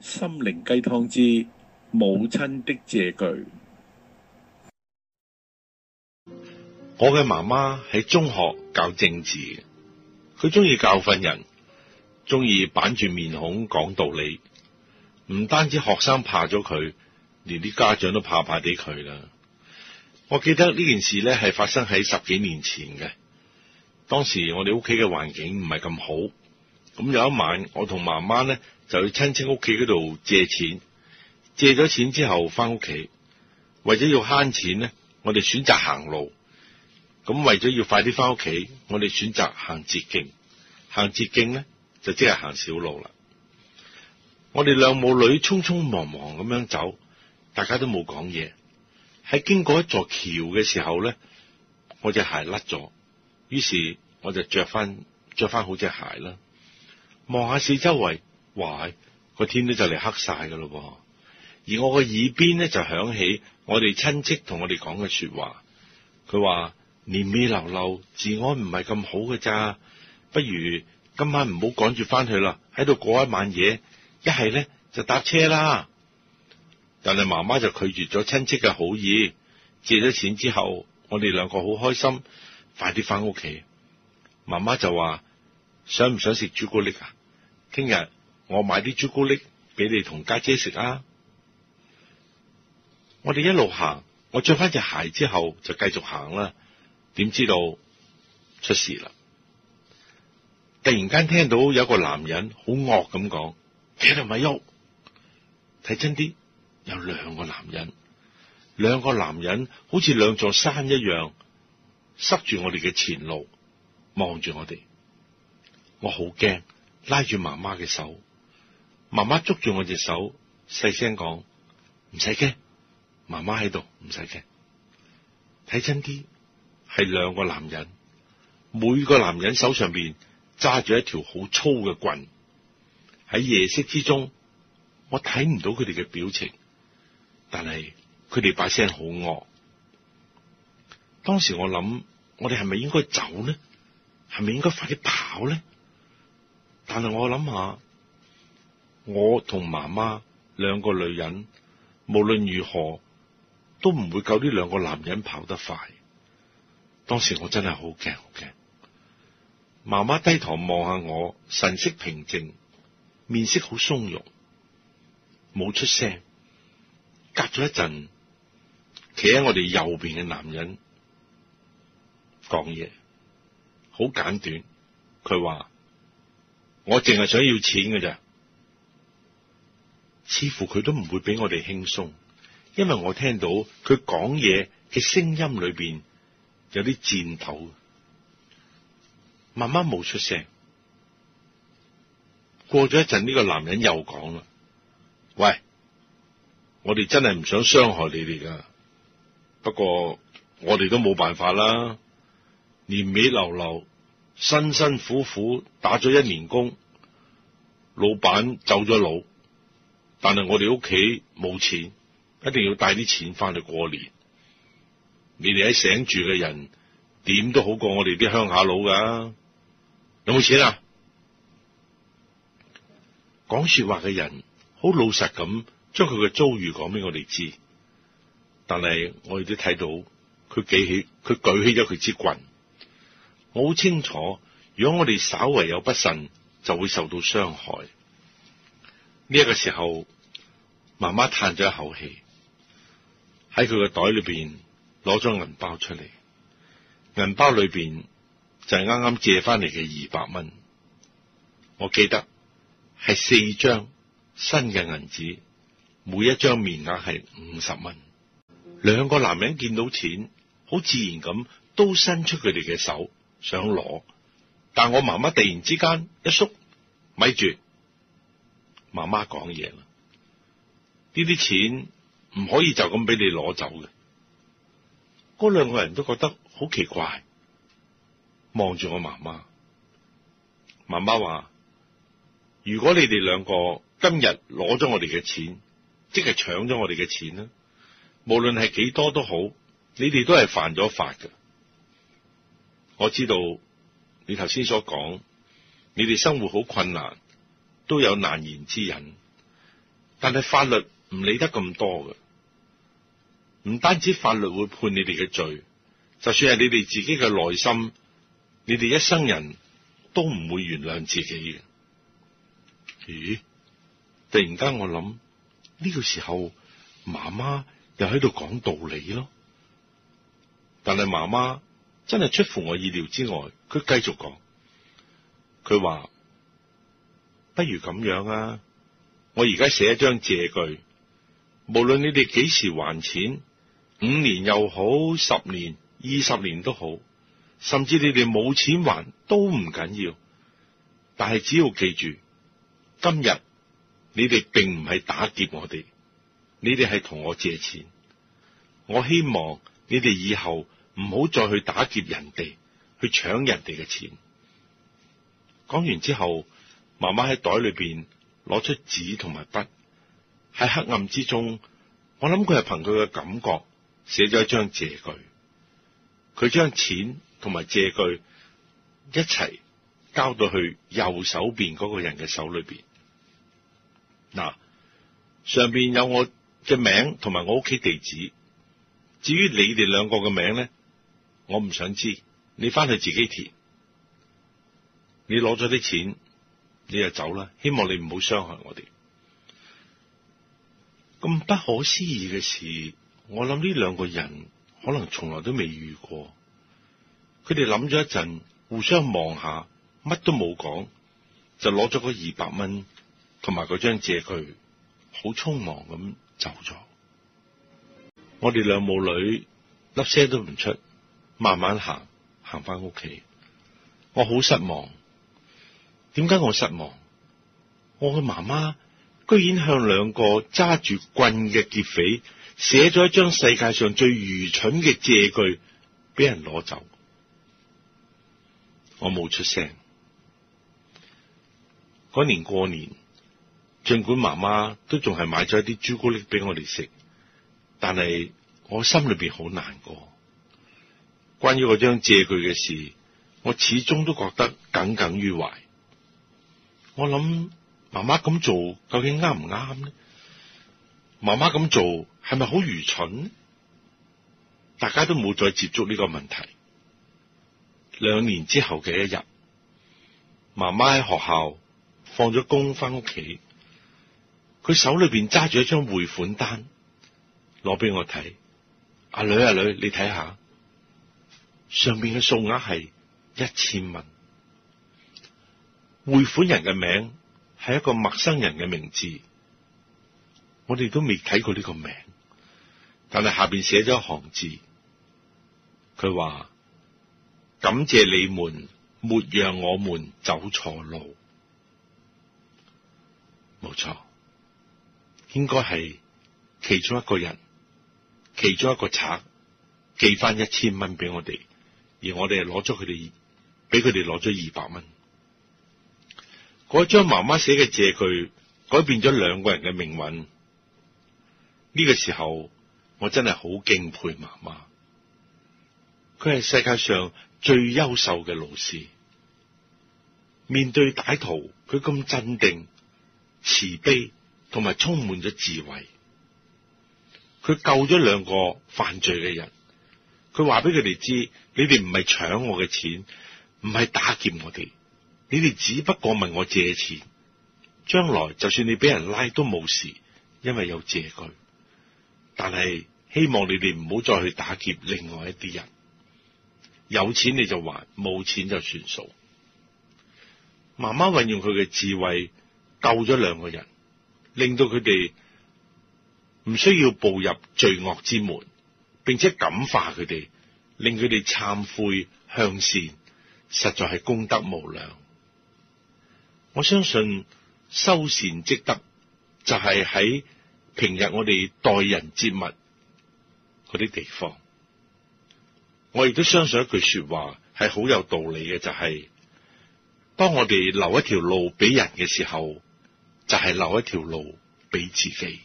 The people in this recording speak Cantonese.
心靈雞湯之母親的借據。我嘅媽媽喺中學教政治，佢中意教訓人，中意板住面孔講道理。唔單止學生怕咗佢，連啲家長都怕怕啲佢啦。我記得呢件事呢係發生喺十幾年前嘅，當時我哋屋企嘅環境唔係咁好。咁有一晚，我同媽媽咧就去親戚屋企嗰度借錢。借咗錢之後，翻屋企，為咗要慳錢咧，我哋選擇行路。咁為咗要快啲翻屋企，我哋選擇行捷徑。行捷徑咧，就即係行小路啦。我哋兩母女匆匆忙忙咁樣走，大家都冇講嘢。喺經過一座橋嘅時候咧，我隻鞋甩咗，於是我就着翻着翻好隻鞋啦。望下四周圍，喂，個天都就嚟黑晒噶咯噃，而我個耳邊咧就響起我哋親戚同我哋講嘅說話。佢話年尾流流治安唔係咁好噶咋，不如今晚唔好趕住翻去啦，喺度過一晚嘢，一係咧就搭車啦。但係媽媽就拒絕咗親戚嘅好意，借咗錢之後，我哋兩個好開心，快啲翻屋企。媽媽就話：想唔想食朱古力啊？聽日我買啲朱古力俾你同家姐食啊！我哋一路行，我着翻隻鞋之後就繼續行啦、啊。點知道出事啦？突然間聽到有個男人好惡咁講：企度咪喐？睇真啲，有兩個男人，兩個男人好似兩座山一樣，塞住我哋嘅前路，望住我哋。我好驚。拉住媽媽嘅手，媽媽捉住我隻手，細聲講：唔使驚，媽媽喺度，唔使驚。睇真啲，係兩個男人，每個男人手上邊揸住一條好粗嘅棍。喺夜色之中，我睇唔到佢哋嘅表情，但係佢哋把聲好惡。當時我諗，我哋係咪應該走呢？係咪應該快啲跑呢？但係我諗下，我同媽媽兩個女人，無論如何都唔會夠呢兩個男人跑得快。當時我真係好驚，好驚。媽媽低頭望下我，神色平靜，面色好鬆容，冇出聲。隔咗一陣，企喺我哋右邊嘅男人講嘢，好簡短。佢話。我淨係想要錢噶咋，似乎佢都唔會俾我哋輕鬆，因為我聽到佢講嘢嘅聲音裏邊有啲顫抖，慢慢冇出聲。過咗一陣，呢個男人又講啦：喂，我哋真係唔想傷害你哋噶，不過我哋都冇辦法啦，年尾流流，辛辛苦苦打咗一年工，老闆走咗佬，但係我哋屋企冇錢，一定要帶啲錢翻去過年。你哋喺醒住嘅人，點都好過我哋啲鄉下佬㗎。有冇錢啊？講說話嘅人好老實咁，將佢嘅遭遇講俾我哋知。但係我哋都睇到，佢舉起，佢舉起咗佢支棍。我好清楚，如果我哋稍為有不慎，就會受到傷害。呢、這、一個時候，媽媽嘆咗一口氣，喺佢個袋裏邊攞咗銀包出嚟。銀包裏邊就係啱啱借翻嚟嘅二百蚊。我記得係四張新嘅銀紙，每一張面額係五十蚊。兩個男人見到錢，好自然咁都伸出佢哋嘅手。想攞，但我媽媽突然之間一縮，咪住。媽媽講嘢啦，呢啲錢唔可以就咁俾你攞走嘅。嗰兩個人都覺得好奇怪，望住我媽媽。媽媽話：如果你哋兩個今日攞咗我哋嘅錢，即係搶咗我哋嘅錢啦，無論係幾多都好，你哋都係犯咗法嘅。我知道你頭先所講，你哋生活好困難，都有難言之隱。但係法律唔理得咁多嘅，唔單止法律會判你哋嘅罪，就算係你哋自己嘅內心，你哋一生人都唔會原諒自己嘅。咦？突然間我諗呢個時候，媽媽又喺度講道理咯，但係媽媽。真係出乎我意料之外。佢繼續講，佢話：不如咁樣啊！我而家寫一張借據，無論你哋幾時還錢，五年又好，十年、二十年都好，甚至你哋冇錢還都唔緊要。但係只要記住，今日你哋並唔係打劫我哋，你哋係同我借錢。我希望你哋以後。唔好再去打劫人哋，去搶人哋嘅錢。講完之後，媽媽喺袋裏邊攞出紙同埋筆，喺黑暗之中，我諗佢係憑佢嘅感覺寫咗一張借據。佢將錢同埋借據一齊交到去右手邊嗰個人嘅手裏邊。嗱，上邊有我嘅名同埋我屋企地址。至於你哋兩個嘅名咧，我唔想知，你翻去自己填。你攞咗啲錢，你就走啦。希望你唔好傷害我哋。咁不可思議嘅事，我諗呢兩個人可能從來都未遇過。佢哋諗咗一陣，互相望下，乜都冇講，就攞咗個二百蚊同埋嗰張借據，好匆忙咁走咗。我哋兩母女粒聲都唔出。慢慢行，行翻屋企，我好失望。點解我失望？我嘅媽媽居然向兩個揸住棍嘅劫匪寫咗一張世界上最愚蠢嘅借據，俾人攞走。我冇出聲。嗰年過年，儘管媽媽都仲係買咗一啲朱古力俾我哋食，但係我心裏面好難過。關於嗰張借據嘅事，我始終都覺得耿耿於懷。我諗媽媽咁做究竟啱唔啱咧？媽媽咁做係咪好愚蠢？大家都冇再接觸呢個問題。兩年之後嘅一日，媽媽喺學校放咗工，翻屋企，佢手裏邊揸住一張匯款單，攞俾我睇。阿女阿女，你睇下。上面嘅數額係一千蚊，匯款人嘅名係一個陌生人嘅名字，我哋都未睇過呢個名，但係下面寫咗一行字，佢話感謝你們，沒讓我們走錯路，冇錯，應該係其中一個人，其中一個賊寄翻一千蚊俾我哋。而我哋係攞咗佢哋，俾佢哋攞咗二百蚊。嗰張媽媽寫嘅借據改變咗兩個人嘅命運。呢個時候，我真係好敬佩媽媽。佢係世界上最優秀嘅老師。面對歹徒，佢咁鎮定、慈悲，同埋充滿咗智慧。佢救咗兩個犯罪嘅人。佢話俾佢哋知，你哋唔係搶我嘅錢，唔係打劫我哋，你哋只不過問我借錢，將來就算你俾人拉都冇事，因為有借據。但係希望你哋唔好再去打劫另外一啲人，有錢你就還，冇錢就算數。媽媽運用佢嘅智慧救咗兩個人，令到佢哋唔需要步入罪惡之門。並且感化佢哋，令佢哋懺悔向善，實在係功德無量。我相信修善積德就係喺平日我哋待人接物啲地方。我亦都相信一句說話係好有道理嘅，就係當我哋留一條路俾人嘅時候，就係留一條路俾自己。